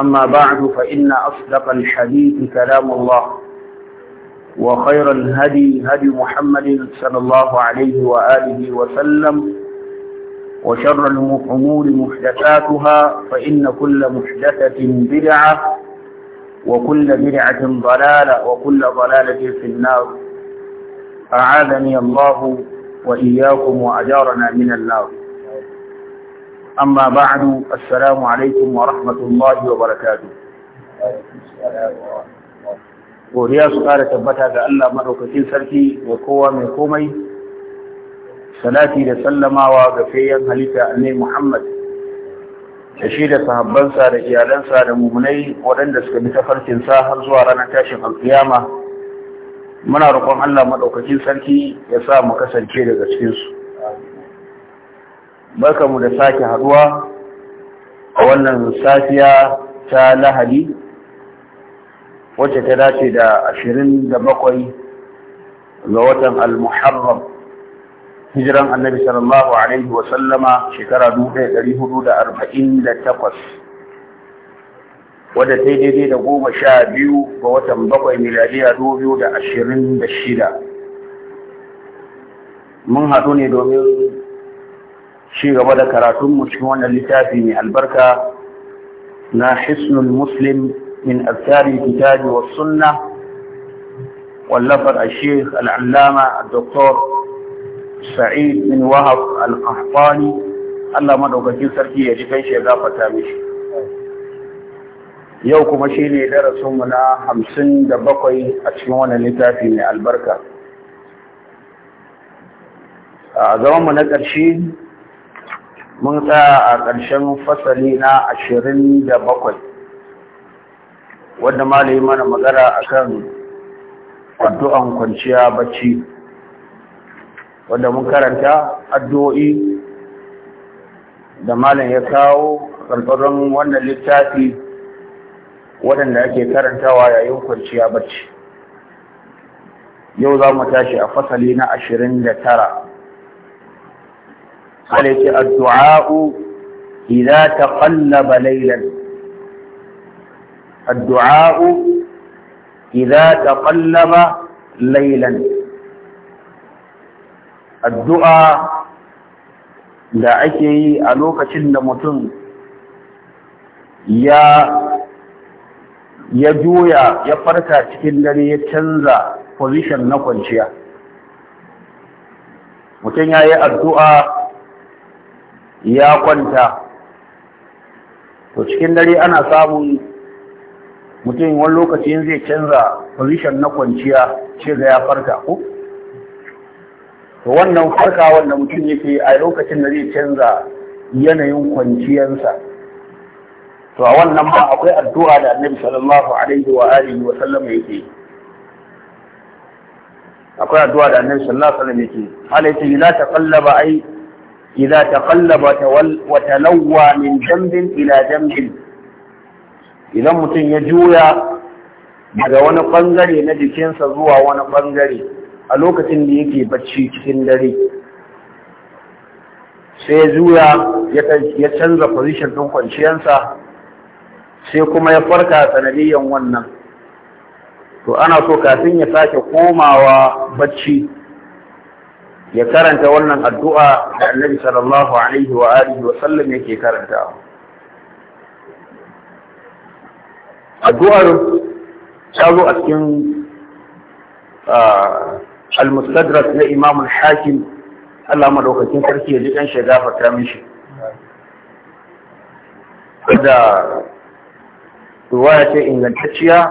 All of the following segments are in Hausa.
أما بعد فإن أصدق الحديث كلام الله وخير الهدي هدي محمد صلى الله عليه وآله وسلم وشر الأمور محدثاتها فإن كل محدثة بدعة وكل بدعة ضلالة وكل ضلالة في النار أعاذني الله وإياكم وأجارنا من النار أما بعد السلام عليكم ورحمة الله وبركاته godiya su ƙara tabbata ga Allah maɗaukacin sarki da kowa mai komai salati da sallamawa ga fayyan halitta annai Muhammad da shi da sahabbansa da iyalansa da mumunai waɗanda suka bi tafarkinsa har zuwa ranar tashin alkiyama muna roƙon Allah maɗaukacin sarki ya sa mu kasance daga cikinsu barkamu da sake haduwa a wannan safiya ta lahadi wacce ta dace da ashirin da bakwai ga watan al-muharram hijiran annabi sallallahu alaihi wa sallama shekara takwas, wadda ta daidai da goma sha biyu ga watan bakwai miladiya shida. mun haɗu ne domin ci gaba da karatun mu cikin wannan littafi mai albarka na hisnul muslim min asari kitabi wa sunna wallafar ashir al'allama doktor sa'id bin wahab al-qahtani Allah madaukakin sarki ya ji kai shi ya gafata mishi yau kuma shine darasinmu na hamsin da bakwai a cikin wannan littafi mai albarka a zamanmu na ƙarshe mun tsaya a ƙarshen fasali na ashirin da bakwai wanda malayi mana magana kan addu'an kwanciya bacci wanda mun karanta addu'o'i da malam ya kawo ƙarƙarin wannan littafi waɗanda ake karantawa yayin kwanciya bacci yau za mu tashi a fasali na ashirin da tara wanda yake addu'a'u idza taqallaba laylan addu'a'u idza taqallaba laylan addu'a da ake yi a lokacin da mutum ya ya juya ya farka cikin dare ya canza position na kwanciya mutum ya yi addu'a ya kwanta to cikin dare ana samun mutum wani lokacin zai canza position na kwanciya ce ga ya farka ko to wannan farka wanda mutum yake a lokacin da zai canza yanayin kwanciyarsa to a wannan ba akwai addu'a da annabi sallallahu alaihi wa alihi wa sallam yake akwai addu'a da annabi sallallahu alaihi wa sallam yake halaitu la taqallaba ai إذا تقلب وتلوى من جنب إلى جنب إذا متن يجويا daga wani ɓangare na jikinsa zuwa wani ɓangare a lokacin da yake bacci cikin dare sai juya ya canza position ɗin kwanciyarsa sai kuma ya farka sanadiyyan wannan to ana so kafin ya sake komawa bacci ya karanta wannan addu'a da annabi sallallahu alaihi wa alihi wa sallam yake karanta. addu'ar ta zo a cikin al-mustadrak na imam al-hakim Allah madaukakin sarki ya ji ɗan shiga fata mishi da ruwaya ce ingantacciya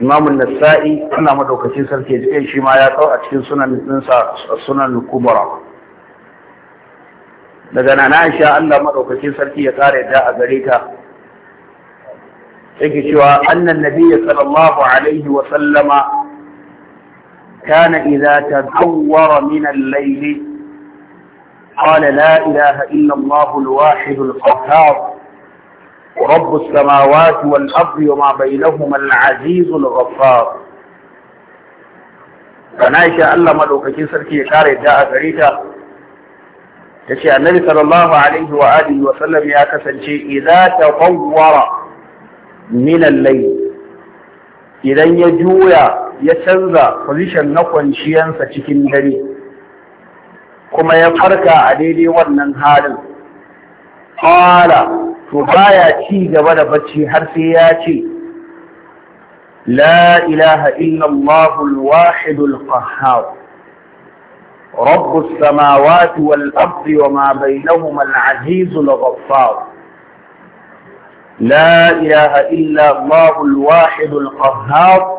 imamun nasa'i ana madaukacin sarki ya jikin shi ma ya tsau a cikin sunan ɗinsa sunan kubara daga nan aisha allah madaukacin sarki ya kare da a gare ta yake cewa annan nabiyya sallallahu alaihi wa sallama kana idza tadawwara min al-layl qala la ilaha illa allah al-wahid رب السماوات والأرض وما بينهما العزيز الغفار فنائشة الله ملوكة سركي كاري جاء فريتا تشي النبي صلى الله عليه وآله وسلم يا كسنشي إذا تطور من الليل إذا يجويا يتنزى position نقوى شيئا فتكين دري كما يفرك عليه وننهار qala to baya ci gaba da bacci har sai ya ce la ilaha illa Allah رب السماوات والأرض وما بينهما العزيز الغفار لا إله إلا الله الواحد القهار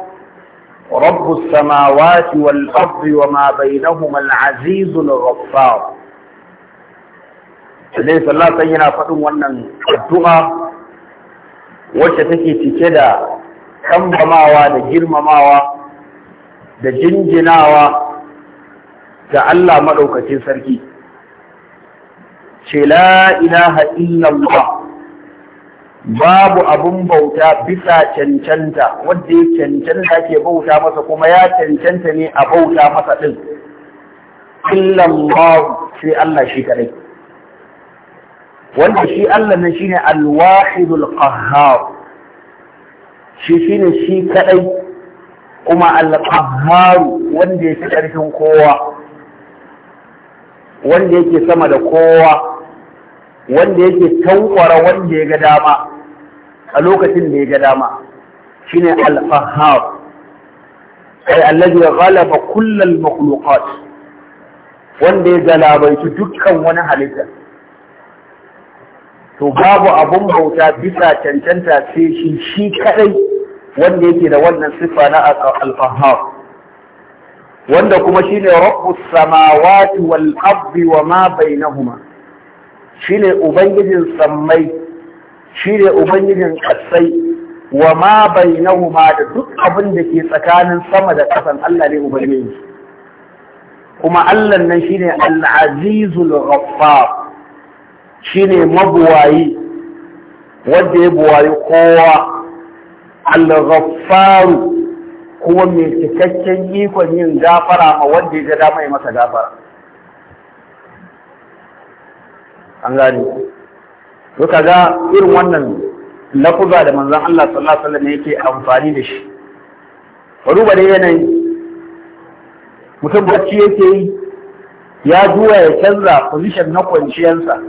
رب السماوات والأرض وما بينهما العزيز الغفار Annabi sallallahu alaihi yana faɗin wannan addu'a wacce take cike da kambamawa da girmamawa da jinjinawa ga Allah maɗaukacin sarki. Ce la ilaha illallah babu abun bauta bisa cancanta wadda ya cancanta ke bauta masa kuma ya cancanta ne a bauta masa ɗin. Illallah sai Allah shi kaɗai. wanda shi Allah nan shine al-wahidul qahhar shi shine shi kadai kuma al-qahhar wanda yake karfin kowa wanda yake sama da kowa wanda yake tankwara wanda ya ga dama a lokacin da ya ga dama shine al-qahhar ay allazi ghalaba kullal makhluqat wanda ya galabaitu dukkan wani halitta to babu abun bauta bisa cancanta sai shi shi kadai wanda yake da wannan sifa na al wanda kuma shine rabbus samawati wal ardi wa ma bainahuma shine ubangijin sammai shine ubangijin kasai wa ma bainahuma da duk abin da ke tsakanin sama da kasan Allah ne ubangiji kuma Allah nan shine al-azizul ghaffar shine mabuwayi wanda ya buwayi kowa al-ghaffaru kuma mai cikakken ikon yin gafara a wanda ya dama mai masa gafara an gani to kaga irin wannan lafuza da manzon Allah sallallahu alaihi wasallam yake amfani da shi ruba da yanayi mutum bacci yake yi ya zuwa ya canza position na kwanciyarsa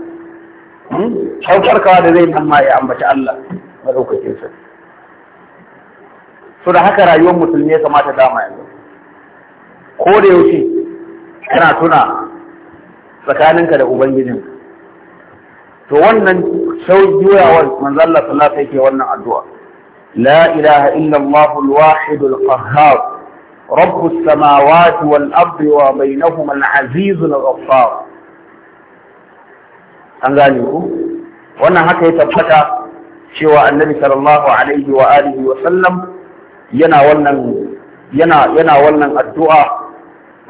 saukarkawa da zai amma ya ambaci Allah madaukakin sa da haka rayuwar musulmi ya kamata dama yanzu ko da yaushe kana tuna tsakaninka da ubangijin to wannan sau juyawar manzo Allah sallallahu alaihi wannan addu'a la ilaha illa Allah al-wahid al-qahhar رب السماوات والأرض azizu na الغفار an gane ku wannan haka ya tabbata cewa annabi sallallahu alaihi wa alihi wa sallam yana wannan yana yana wannan addu'a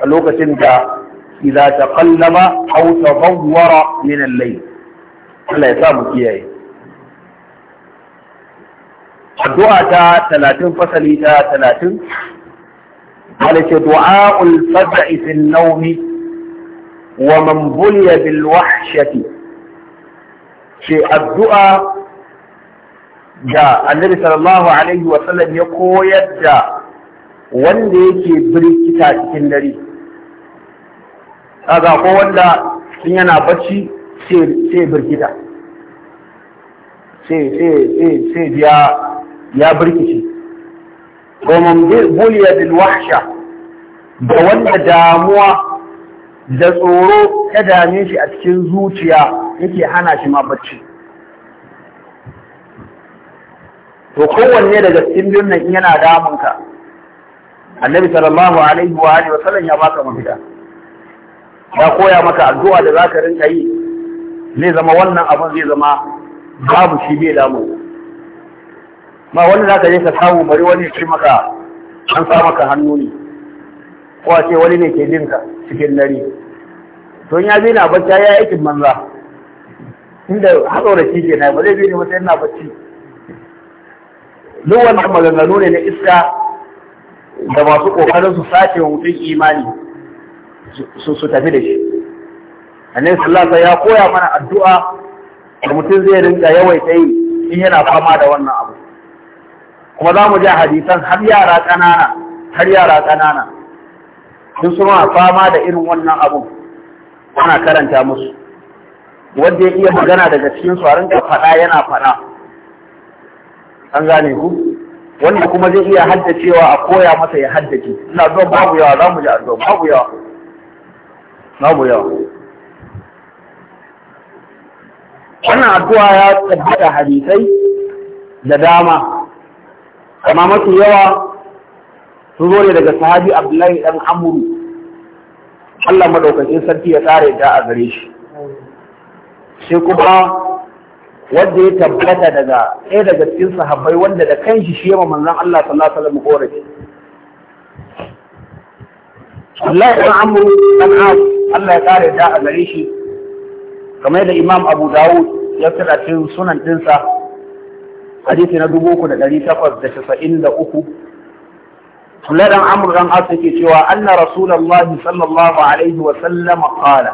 a lokacin da idza taqallaba aw tadawwara min al-layl Allah ya sa mu kiyaye addu'a ta 30 fasali ta 30 قالت دعاء الفزع في النوم ومن بلي بالوحشة ce addu'a da annabi sallallahu alaihi wasallam ya koyar da wanda yake birkita cikin dare kaga ko wanda sun yana bacci sai birkita sai ya birkice ko buliyar buliya wahsha da wanda damuwa da tsoro ta dame shi a cikin zuciya yake hana shi ma bacci to kowanne daga cikin biyun nan yana damunka annabi sallallahu alaihi wa alihi wasallam ya baka mafita ya koya maka addu'a da za ka rinka yi zai zama wannan abin zai zama babu shi bai damu ma wani ka je ka samu bari wani ya ce maka an sa maka hannu ne ko a ce wani ne ke jinka cikin dare to ya bi bacci ya yi aikin manza inda da ke na ba zai bi ne yana bacci duk wannan maganganu ne na iska da masu ƙoƙarin su sace wutun imani su tafi da shi annabi sallasa ya koya mana addu'a da mutum zai rinka yawaita yi in yana fama da wannan abu kuma za mu ji hadisan har yara ƙanana har yara ƙanana sun suna fama da irin wannan abu ana karanta musu wanda ya iya magana daga cikin su a fada yana faɗa an gane ku wanda kuma zai iya haddacewa a koya masa ya haddace ina zuwa babu yawa za mu ji addu'a babu yawa babu yawa wannan addu'a ya tabbata hadisai da dama amma mafi yawa sun zo ne daga sahabi abdullahi dan amuru Allah madaukakin sarki ya tsara ta a gare shi sai kuma wanda ya tabbata daga ɗaya daga cikin sahabbai wanda da kanshi shi yamma manzon Allah sallallahu alaihi wasallam korafi Allah ibn Amr dan As Allah ya tsare da a gare shi kamar da Imam Abu Dawud ya tsara cikin sunan dinsa hadisi na uku. Abdullahi dan Amr dan As yake cewa anna Rasulullahi sallallahu alaihi wa sallama qala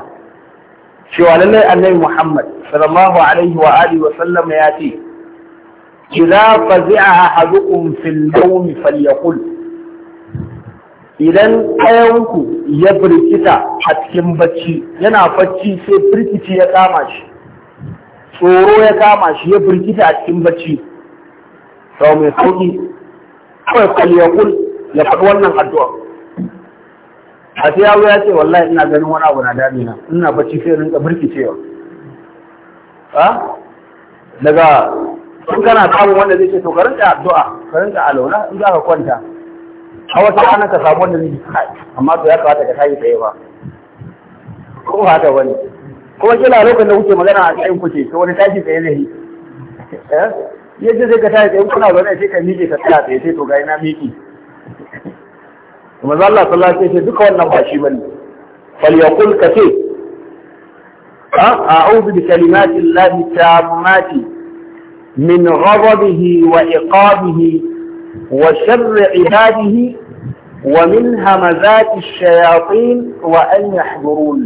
cewa lallai Annabi Muhammad sallallahu alaihi wa alihi wa sallam ya ce idza fazi'a ahadukum fil nawm falyaqul idan ɗayanku ya birkita a cikin bacci yana bacci sai birkici ya kama shi tsoro ya kama shi ya birkita a cikin bacci sau mai sauki kawai falyaqul ya faɗi wannan addu'a a sai yaro ya ce wallahi ina ganin wani abu na dami na ina bacci sai rinka birkicewa daga in kana samun wanda zai ce to ka rinka addu'a ka rinka alauna in za ka kwanta a wata ranar ka samu wanda zai ce amma to ya kamata ka tashi tsaye ba ko ba ta wani kuma kila lokacin da kuke magana a tsayin kuke to wani tashi tsaye zai yi eh? yadda zai ka tashi tsaye kuna zaune sai ka miƙe ka tsaya tsaye sai to ga ina miƙe manzo Allah sallallahu alaihi wasallam duka wannan ba shi bane falyaqul kace a'udhu bi kalimati llahi tammati min ghadabihi wa iqabihi wa sharri ibadihi wa min hamazati ash-shayatin wa an yahdurun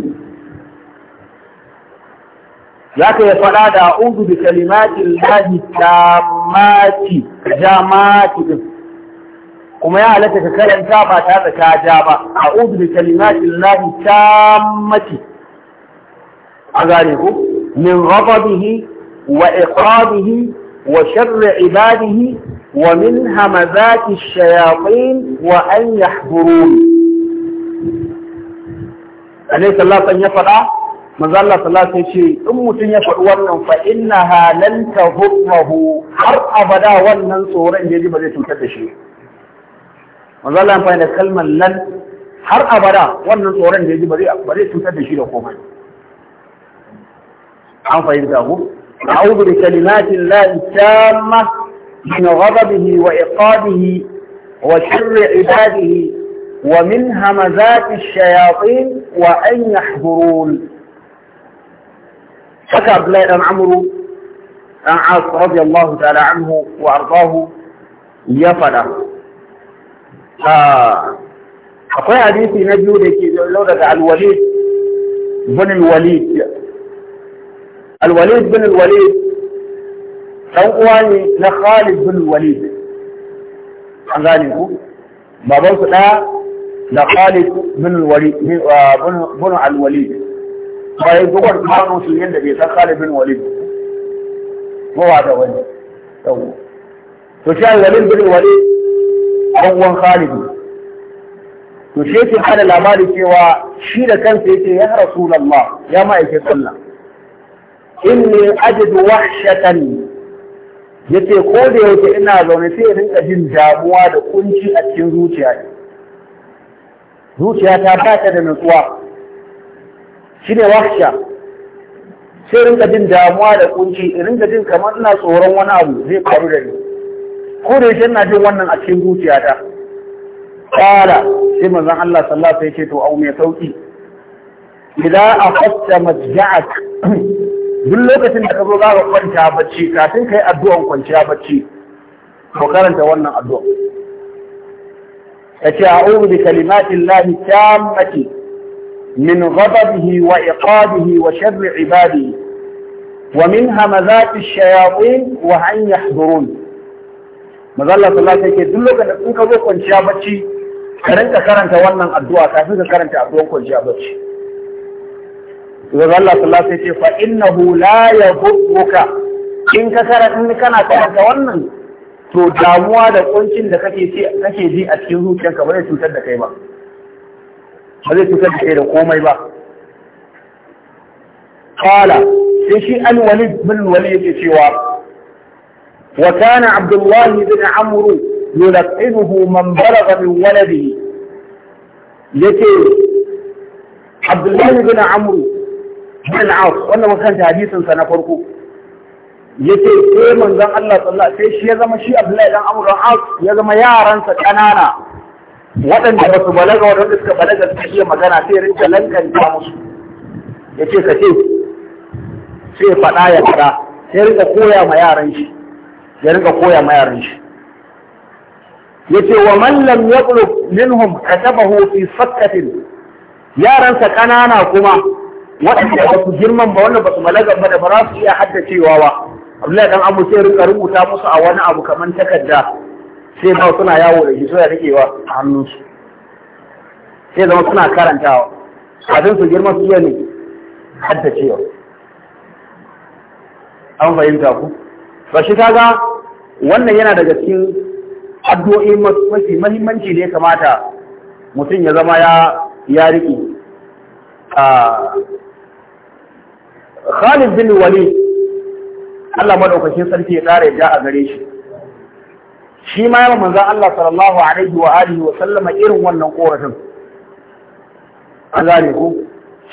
zaka ya fada da a'udhu bi kalimati llahi tammati jama'ati kuma ya halatta ka karanta ba tare da ka ja ba a'udhu bi kalimatin lahi tammati a gane ku min ghadabihi wa iqabihi wa sharri ibadihi wa min hamazati shayatin wa an yahdurun Annabi sallallahu alaihi ya faɗa manzo Allah sallallahu alaihi ce in mutum ya faɗi wannan fa innaha lan tahurruhu har abada wannan tsoron da ji ba zai cutar da shi manzo Allah amfani da kalmar lan har abada wannan tsoron da ya ji ba zai cutar da shi da komai an fahimta ku a'udhu bi kalimati llahi tamma min ghadabihi wa iqabihi wa sharri ibadihi wa min hamazati ash-shayatin wa an yahdurun haka Abdullahi dan Amru dan As radiyallahu ta'ala anhu wa ardahu ya fada Ah, akwai hadisi na biyu da ke zallo daga alwalid bin alwalid alwalid bin alwalid dan uwa ne na Khalid bin alwalid an gane ku baban su ɗaya da Khalid bin alwalid bin ah, alwalid bayan dukkan kanu su yadda bai san Khalid bin alwalid ko wa da wani to shi alwalid bin alwalid dan uwan Khalid to shi yake hada labari cewa shi da kansa yake ya Rasulullah ya ma'aikin Allah inni ajidu wahshatan yace ko da yake ina zaune sai in rinka jin damuwa da kunci a cikin zuciya zuciya ta ba da nutsuwa shine wahsha sai rinka jin damuwa da kunci in rinka jin kamar ina tsoron wani abu zai faru da ni ko da yake ina jin wannan a cikin zuciyata qala sai manzon Allah sallallahu alaihi wasallam ya ce to au mai sauki idan afasta majja'ak duk lokacin da ka zo za ka kwanta bacci kafin ka yi addu'an kwanciya bacci to karanta wannan addu'a kace a'udhu bi kalimati lahi tammati min ghadabihi wa iqabihi wa sharri ibadihi wa min hamazati ash-shayatin wa maza Allah sallallahu alaihi wasallam duk lokacin da in ka zo kwanciya bacci ka rinka karanta wannan addu'a kafin ka karanta addu'ar kwanciya bacci maza Allah sallallahu alaihi wasallam fa innahu la yadhurruka in ka karanta kana karanta wannan to damuwa da kuncin da kake kake ji a cikin zuciyarka ba zai cutar da kai ba ba zai cutar da kai da komai ba qala sai shi al-walid bin walid yake cewa وكان عبد الله بن عمرو يلقنه من بلغ من ولده يتي عبد الله بن عمرو بن العاص وانا مكان حديثن سنه فرقو yace sai manzon Allah sallallahu sai shi ya zama shi Abdullahi dan Amr al-As ya zama yaransa kanana waɗanda ba su balaga waɗanda suka balaga suka iya magana sai rinka lankanta musu yace ka ce sai faɗa ya faɗa sai rinka koya ma yaran shi ya rinka koya ma yaran shi yace wa man lam yaqlub minhum katabahu fi sakkatin yaran sa kanana kuma waɗanda ba su girman ba wannan ba su malaga ba da ba su iya haddacewa ba Abdullahi dan Abu sai rinka rubuta musu a wani abu kaman takarda sai ba suna yawo da shi suna rikewa a su, sai zama suna karantawa kafin su girma su iya ne haddacewa an fahimta ku shi kaga wannan yana daga cikin addu'o'i mafi mahimmanci da ya kamata mutum ya zama ya ya riƙe Khalid bin Walid Allah madaukakin sarki ya ƙara ja a gare shi shi ma yawan manzan Allah sallallahu alaihi wa alihi wa sallama irin wannan korafin an gane ku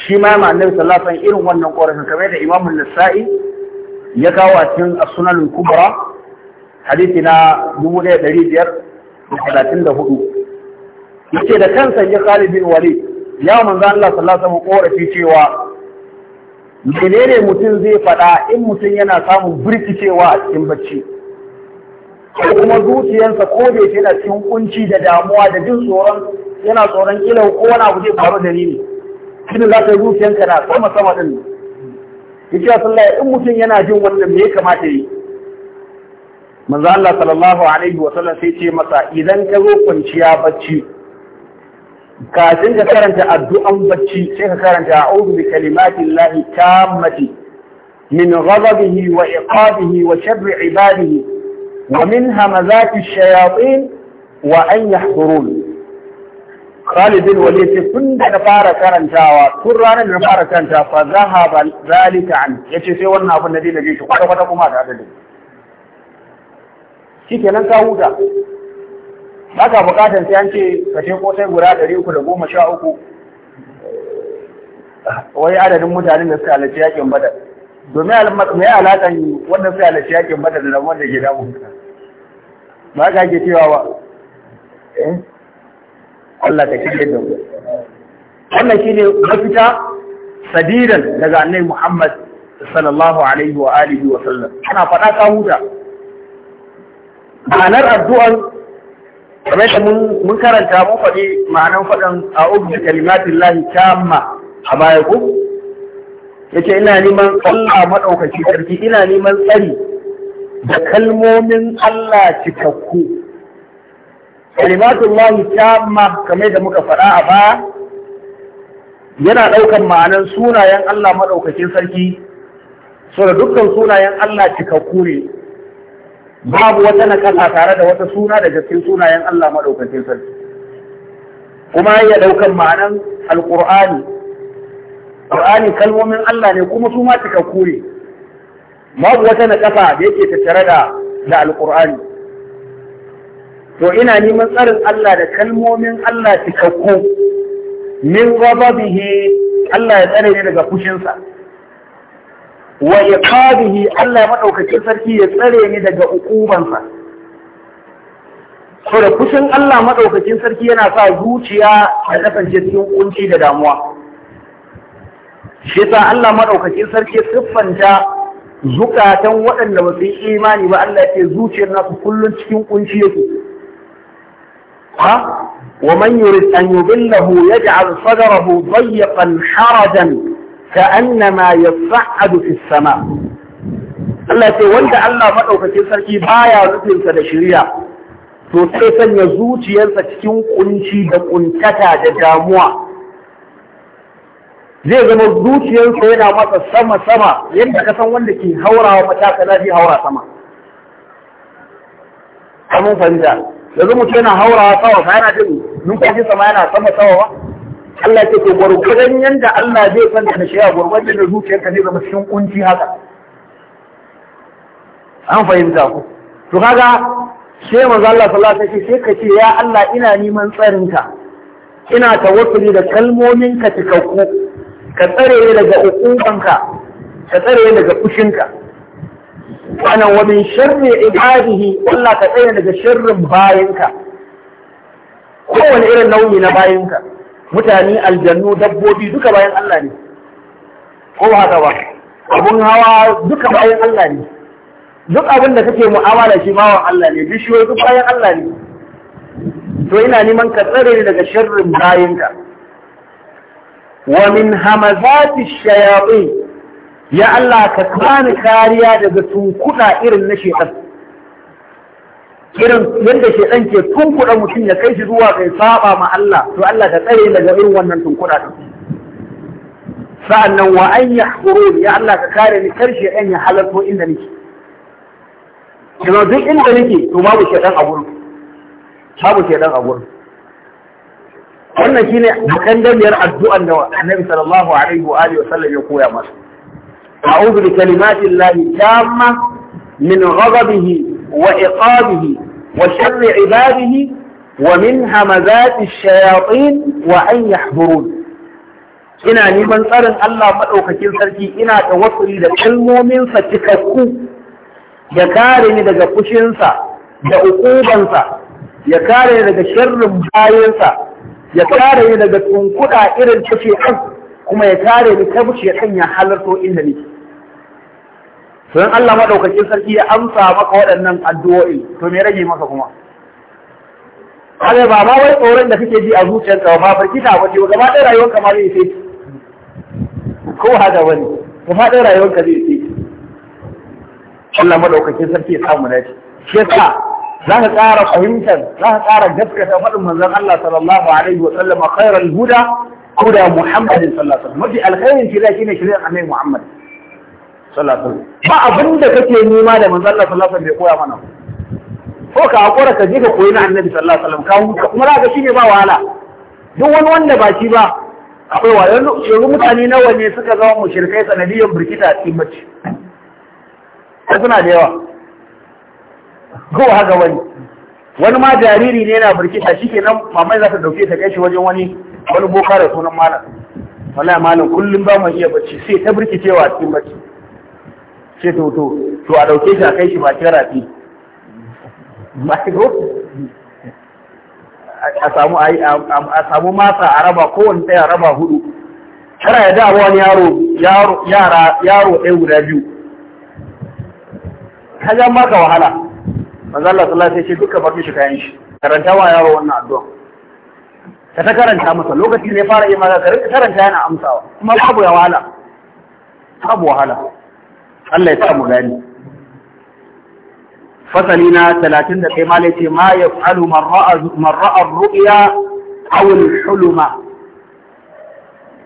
shi ma yawan annabi sallallahu alaihi irin wannan korafin kamar da Imam Nasa'i ya kawo a cikin sunan kubra hadisi na 1534 yace da kansa ya Khalid bin wali ya manzo Allah sallallahu alaihi wasallam korafi cewa menene mutum zai faɗa in mutum yana samun birkicewa a cikin bacci ko kuma zuciyarsa ko da yake yana cikin kunci da damuwa da jin tsoron yana tsoron kila ko wani abu zai faru da ni ne kin za ka zuciyarka na sama sama din ya ce sallah in mutum yana jin wannan me ya kamata yi manzo Allah sallallahu alaihi wa sallam sai ce masa idan ka zo kwanciya bacci kafin ka karanta addu'an bacci sai ka karanta a'udhu bi kalimati llahi tammati min ghadabihi wa iqabihi wa sharri ibadihi wa min hamazati shayatin wa an yahdurun Khalidin wali yace tun da na fara karantawa tun ranar da na fara karanta fa zahaba zalika an yace sai wannan abin da dina shi kwata kwata kuma da adadin kenan ka huta ka bukatar sai an ce ce ko sai guda ɗari uku da goma sha uku wai adadin mutanen da suka halarci yakin badar domin mai alakan wanda suka halarci yakin badar da wanda ke damu ba ka ke cewa ba eh? Allah ka shirya da mu wannan shine mafita sadiran daga annabi Muhammad sallallahu alaihi wa alihi wa sallam ana faɗa ka huta ma'anar addu'ar kamar da mun karanta mun faɗi ma'anar faɗan a a'udhu bi kalimatillahi tamma a baya ko yace ina neman Allah maɗaukaci sarki ina neman tsari da kalmomin Allah cikakku kalimatullahi tamma kamar da muka faɗa a baya yana ɗaukan ma'anan sunayen Allah maɗaukakin sarki so da dukkan sunayen Allah cikakku ne babu wata nakasa tare da wata suna daga cikin sunayen Allah maɗaukakin sarki kuma ya ɗaukan ma'anan alƙur'ani ƙur'ani kalmomin Allah ne kuma su ma cikakku ne babu wata nakasa da yake tattare da da alƙur'ani to ina neman tsarin Allah da kalmomin Allah cikakku min ghadabihi Allah ya tsare ni daga fushinsa wa iqabihi Allah madaukakin sarki ya tsare ni daga ukubansa so da Allah madaukakin sarki yana sa zuciya ta kasance cikin kunci da damuwa shi sa Allah madaukakin sarki siffanta zukatan waɗanda ba su yi imani ba Allah ke zuciyar nasu kullum cikin kunci yake ha ومن يرد أن يضله يجعل صدره ضيقا حرجا كأنما يصعد في السماء Allah ce wanda Allah maɗaukacin sarki baya rufinsa da shirya to sai sanya zuciyarsa cikin kunci da kuntata da damuwa zai zama zuciyarsa yana masa sama-sama yadda ka san wanda ke haurawa matakala zai haura sama. Kamun fahimta. yanzu mutum yana haurawa tsawa fa yana jin numfashin sama yana sama ba Allah ya ce Ko gwargwadon yanda Allah zai san da shi a gwargwadon da zuciyarka zai zama cikin kunci haka an fahimta ku to kaga sai manzo Allah sallallahu alaihi wasallam sai ka ce ya Allah ina neman tsarinka ina ne da kalmominka cikakku ka tsare daga ukunkanka, ka tsare daga kushinka. sannan wa min sharri ibadihi Allah ka tsaya daga sharrin bayinka kowane irin nau'i na bayinka mutane aljannu dabbobi duka bayan Allah ne ko haka ba abun hawa duka bayan Allah ne duk abin da kake mu'amala shi bawan Allah ne bishiyoyi duk bayan Allah ne to ina neman ka tsare ni daga sharrin bayinka wa min hamazati shayatin ya Allah ka kani kariya daga tunkuɗa irin na shekan irin yadda ɗan ke tunkuɗa mutum ya kai shi zuwa kai saba ma Allah to Allah ka tsare daga irin wannan tunkuɗa Sa'an sa'annan wa an yahqurun ya Allah ka kare ni kar shekan ya halarto inda nake kuma duk inda nake to babu shekan a gurin babu shekan a gurin wannan shine makan damiyar addu'an da Annabi sallallahu alaihi wa alihi wa sallam ya koya masa أعوذ بكلمات الله التامة من غضبه وإقابه وشر عباده ومن همذات الشياطين وأن يحضرون ina neman tsarin Allah maɗaukakin sarki ina tawassuli da kalmominsa cikakku ya kare ni daga fushinsa da ukubansa ya kare ni daga sharrin bayansa ya kare ni daga tunkuɗa irin ta kuma ya kare ni ta bushe kan ya halarto inda nake to in Allah madaukakin sarki ya amsa maka waɗannan addu'o'i to me rage maka kuma kaga ba ma wai tsoron da kake ji a zuciyarka ba firgita ba ce gaba ɗaya rayuwarka ma zai sai ko haka wani gaba ɗaya rayuwarka zai sai Allah madaukakin sarki ya samu dace shi yasa za ka ƙara fahimtar za ka ƙara gaskata faɗin manzon Allah sallallahu alaihi wa sallam khairal huda huda Muhammadin sallallahu alaihi wa sallam mafi alkhairin shirya shine shirin annabi Muhammad sallallahu alaihi wasallam ba abin da kake nema da manzo Allah sallallahu alaihi wasallam bai koya mana ko ka hakura ka je ka koyi na annabi sallallahu alaihi wasallam ka kuma za ka shine ba wahala duk wani wanda ba shi ba akwai wa yanzu mutane nawa ne suka zama mushrikai sanadiyan birkita a cikin mace suna da yawa ko haka wani wani ma jariri ne yana birkita shikenan mamai za ta dauke ta kai shi wajen wani wani boka da sunan malam wallahi malam kullum ba mu iya bacci sai ta birkicewa a cikin bacci ce to to to a dauke shi a kai shi bakin rafi a samu a samu masa a raba kowane ɗaya raba hudu kana ya dawo wani yaro yara yaro ɗaya guda biyu ka ja maka wahala manzo Allah sallallahu alaihi wasallam duka bakin shi kayan shi karanta wa yaro wannan addu'a ka ta karanta masa lokacin da ya fara yi maka karanta yana amsawa kuma babu ya wahala babu wahala Allah ya sa mu gani fasali na 31 malai ce ma ya man ra'a ru'ya aw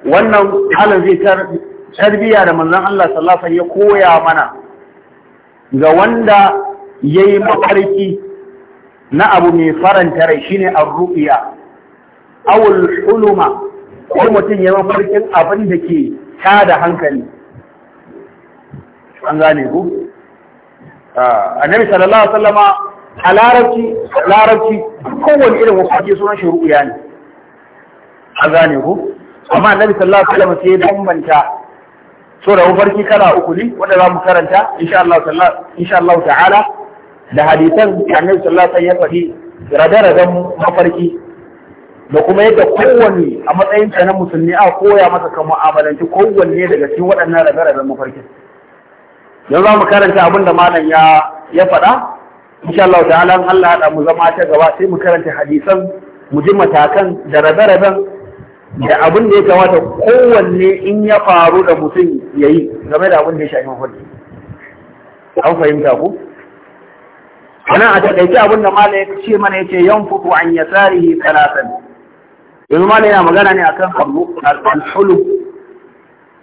wannan halin zai tarbiya da manzon Allah Sallasa ya koya mana ga wanda yayi mafarki na abu mai faranta rai shine ar-ru'ya aw al ko mutum ya mafarkin abin da ke tada hankali an gane ku ah, annabi sallallahu alaihi wasallama a larabci larabci kowane irin wasu sunan shuru'u ya ne an gane ku amma annabi sallallahu alaihi wasallama sai ya bambanta so da mafarki kala uku ne wanda za mu karanta insha Allah ta'ala da hadisan annabi sallallahu alaihi wasallam ya faɗi radaradan mafarki da kuma yadda kowanne a matsayin na musulmi a koya masa kan mu'amalanci kowanne daga cikin waɗannan radaradan mafarkin yanzu za mu karanta abin da malam ya ya faɗa insha Allah alam Allah ya mu zama ta gaba sai mu karanta hadisan mu ji matakan da rabe-raben da abin da ya kamata kowanne in ya faru da mutum ya yi game da abin da ya shafi mafarki an fahimta ku ana a taƙaice abin da malam ya ce mana ya ce yan fuku an yasarihi talatan yanzu malam yana magana ne akan al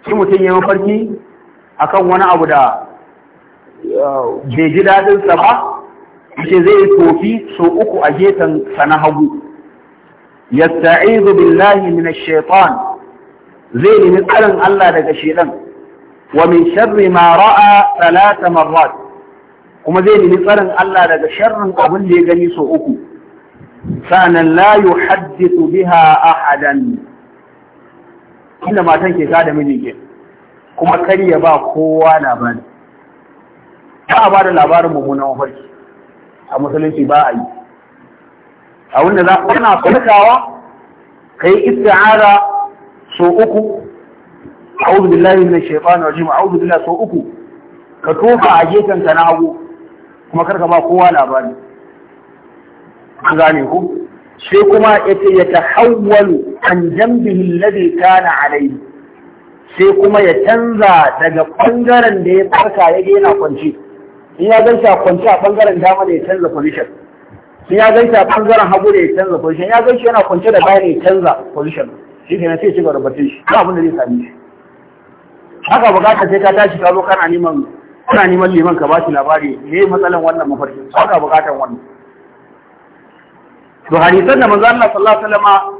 shi mutum ya mafarki akan wani abu da bai ji daɗinsa ba ce zai yi tofi so uku a gefen sana hagu yasta'izu billahi min ash-shaytan zai nemi tsarin Allah daga shedan wa min sharri ma ra'a thalatha marrat kuma zai nemi tsarin Allah daga sharrin abin da ya gani so uku sanan la yuhaddithu biha ahadan inda matan ke da miji ke kuma kar ya ba kowa labari a ba da labarin mummunan mafarki a musulunci ba a yi a wanda za kana farkawa kai isti'ara so uku a'udhu billahi minash shaitani rajim a'udhu billahi so uku ka tofa a gefen ka na hagu kuma karka ba kowa labari an gane ku sai kuma yace ya tahawwalu an jambihi alladhi kana alayhi sai kuma ya canza daga ɓangaren da ya farka ya yana kwanci in ya gan a kwanci a bangaren dama ne ya canza position in ya gan a bangaren hagu ne ya canza position ya gan yana kwance da baya ne ya canza position shi ke na ce ci gaba batun shi ba abin da zai sami shi haka bukata sai ka tashi ka zo kana neman kana neman liman ka ba shi labari me matsalan wannan mafarki haka bukatan wannan to hadisan da manzo Allah sallallahu alaihi wasallam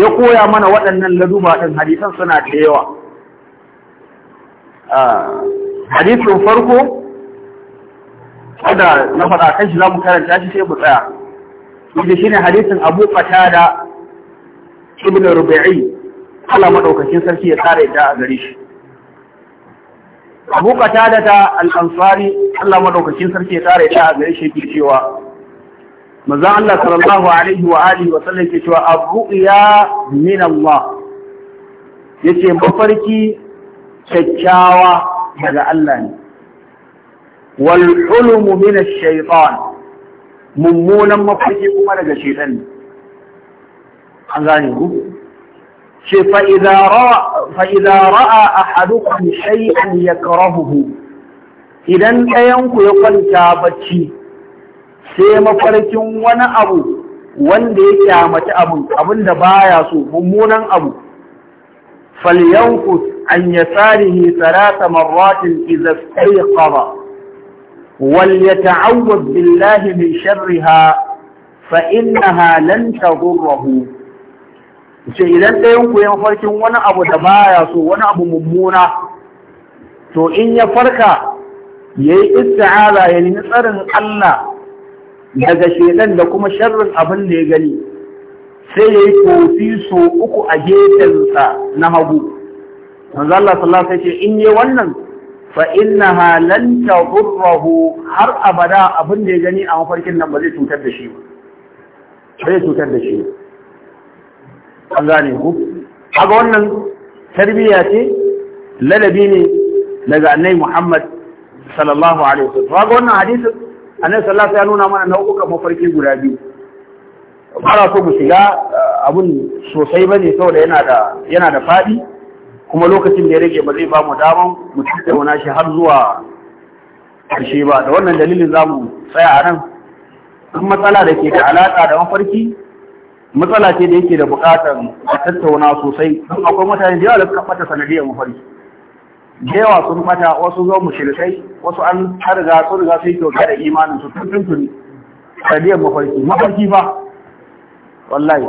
ya koya mana waɗannan laduba ɗin hadisan suna da yawa ah, hadisin farko wanda na faɗa kan shi za mu karanta shi sai mu tsaya wanda shine hadisin Abu Qatada ibn Rubai'i Allah madaukakin sarki ya tsara yadda a gare shi Abu Qatada ta al-Ansari Allah madaukakin sarki ya tsara yadda a gare shi yake cewa Manzo Allah sallallahu alaihi wa alihi wa sallam yake cewa ar-ru'ya min Allah yace mafarki kyakkyawa daga Allah ne wal hulmu min mummunan mafarki kuma daga shaytan ne an gane ku ce fa idza ra'a fa idza ra'a ahadukum idan ɗayanku ya kwanta bacci sai mafarkin wani abu wanda ya kyamaci abin da baya so mummunan abu falyankus an yasarihi salata marratin idza وليتعوذ بالله من شرها فإنها لن تضره ce idan ɗayan ku yan farkin wani abu da baya so wani abu mummuna to in ya farka ya yi isti'aza ya nemi tsarin Allah daga shedan da kuma sharrin abin da ya gani sai ya yi tofi so uku a gefensa na hagu manzo Allah sallallahu alaihi wasallam in yi wannan fa innaha lan tadurruhu har abada abin da ya gani a mafarkin nan ba zai cutar da shi ba zai cutar da shi an gane ku ga wannan tarbiyya ce ladabi ne daga annai Muhammad sallallahu alaihi wasallam kaga wannan hadisin annabi sallallahu alaihi ya nuna mana nau'ukan mafarki guda biyu ba so mu shiga eh, abun sosai bane saboda yana da yana da fadi kuma lokacin da ya rage ba zai ba mu daman mu tattauna shi har zuwa ƙarshe ba da wannan dalilin za mu tsaya a nan duk matsala da ke da alaƙa da mafarki matsala ce da yake da buƙatar a tattauna sosai don akwai mutane da yawa da suka ɓata sanadiyar mafarki da yawa sun ɓata wasu zo mu shirkai wasu an harga sun riga sai kyauta da imanin su tun tun sanadiyar mafarki mafarki ba wallahi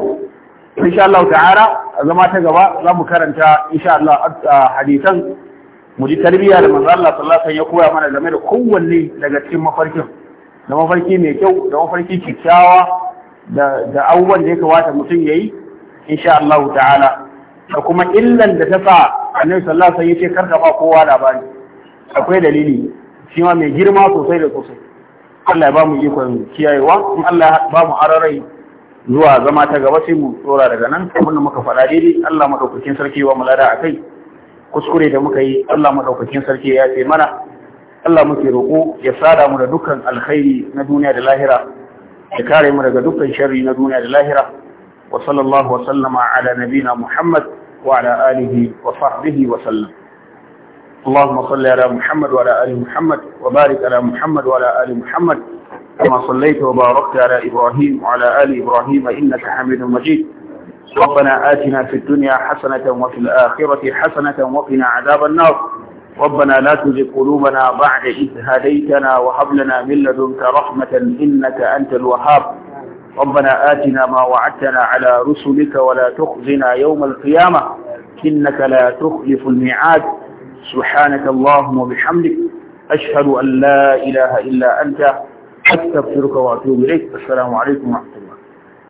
insha Allah ta'ala a zama ta gaba za mu karanta insha Allah hadisan mu ji tarbiyya da manzo Allah sallallahu alaihi ya koya mana game da kowanne daga cikin mafarkin da mafarki mai kyau da mafarki kyakkyawa da da abubuwan da ya kamata mutum yayi insha Allah ta'ala da kuma illan da ta sa Annabi sallallahu alaihi wasallam ya ce karka ba kowa labari akwai dalili shi ma mai girma sosai da sosai Allah ya ba mu ikon kiyayewa in Allah ya ba mu ararai zuwa zama ta gaba sai mu tsora daga nan abin da muka faɗa daidai Allah madaukakin sarki wa mulada a kai kuskure da muka yi Allah madaukakin sarki ya ce mana Allah muke roƙo ya sada mu da dukkan alkhairi na duniya da lahira ya kare mu daga dukkan sharri na duniya da lahira wa sallallahu wa sallama ala nabina Muhammad wa ala alihi wa sahbihi wa sallam اللهم صل على محمد وعلى ال محمد وبارك على محمد وعلى ال محمد كما صليت وباركت على إبراهيم وعلى آل إبراهيم إنك حميد مجيد ربنا آتنا في الدنيا حسنة وفي الآخرة حسنة وقنا عذاب النار ربنا لا تزغ قلوبنا بعد إذ هديتنا وهب لنا من لدنك رحمة إنك أنت الوهاب ربنا آتنا ما وعدتنا على رسلك ولا تخزنا يوم القيامة إنك لا تخلف الميعاد سبحانك اللهم وبحمدك أشهد أن لا إله إلا أنت astaghfiruka wa atubu ilaik assalamu alaikum wa rahmatullahi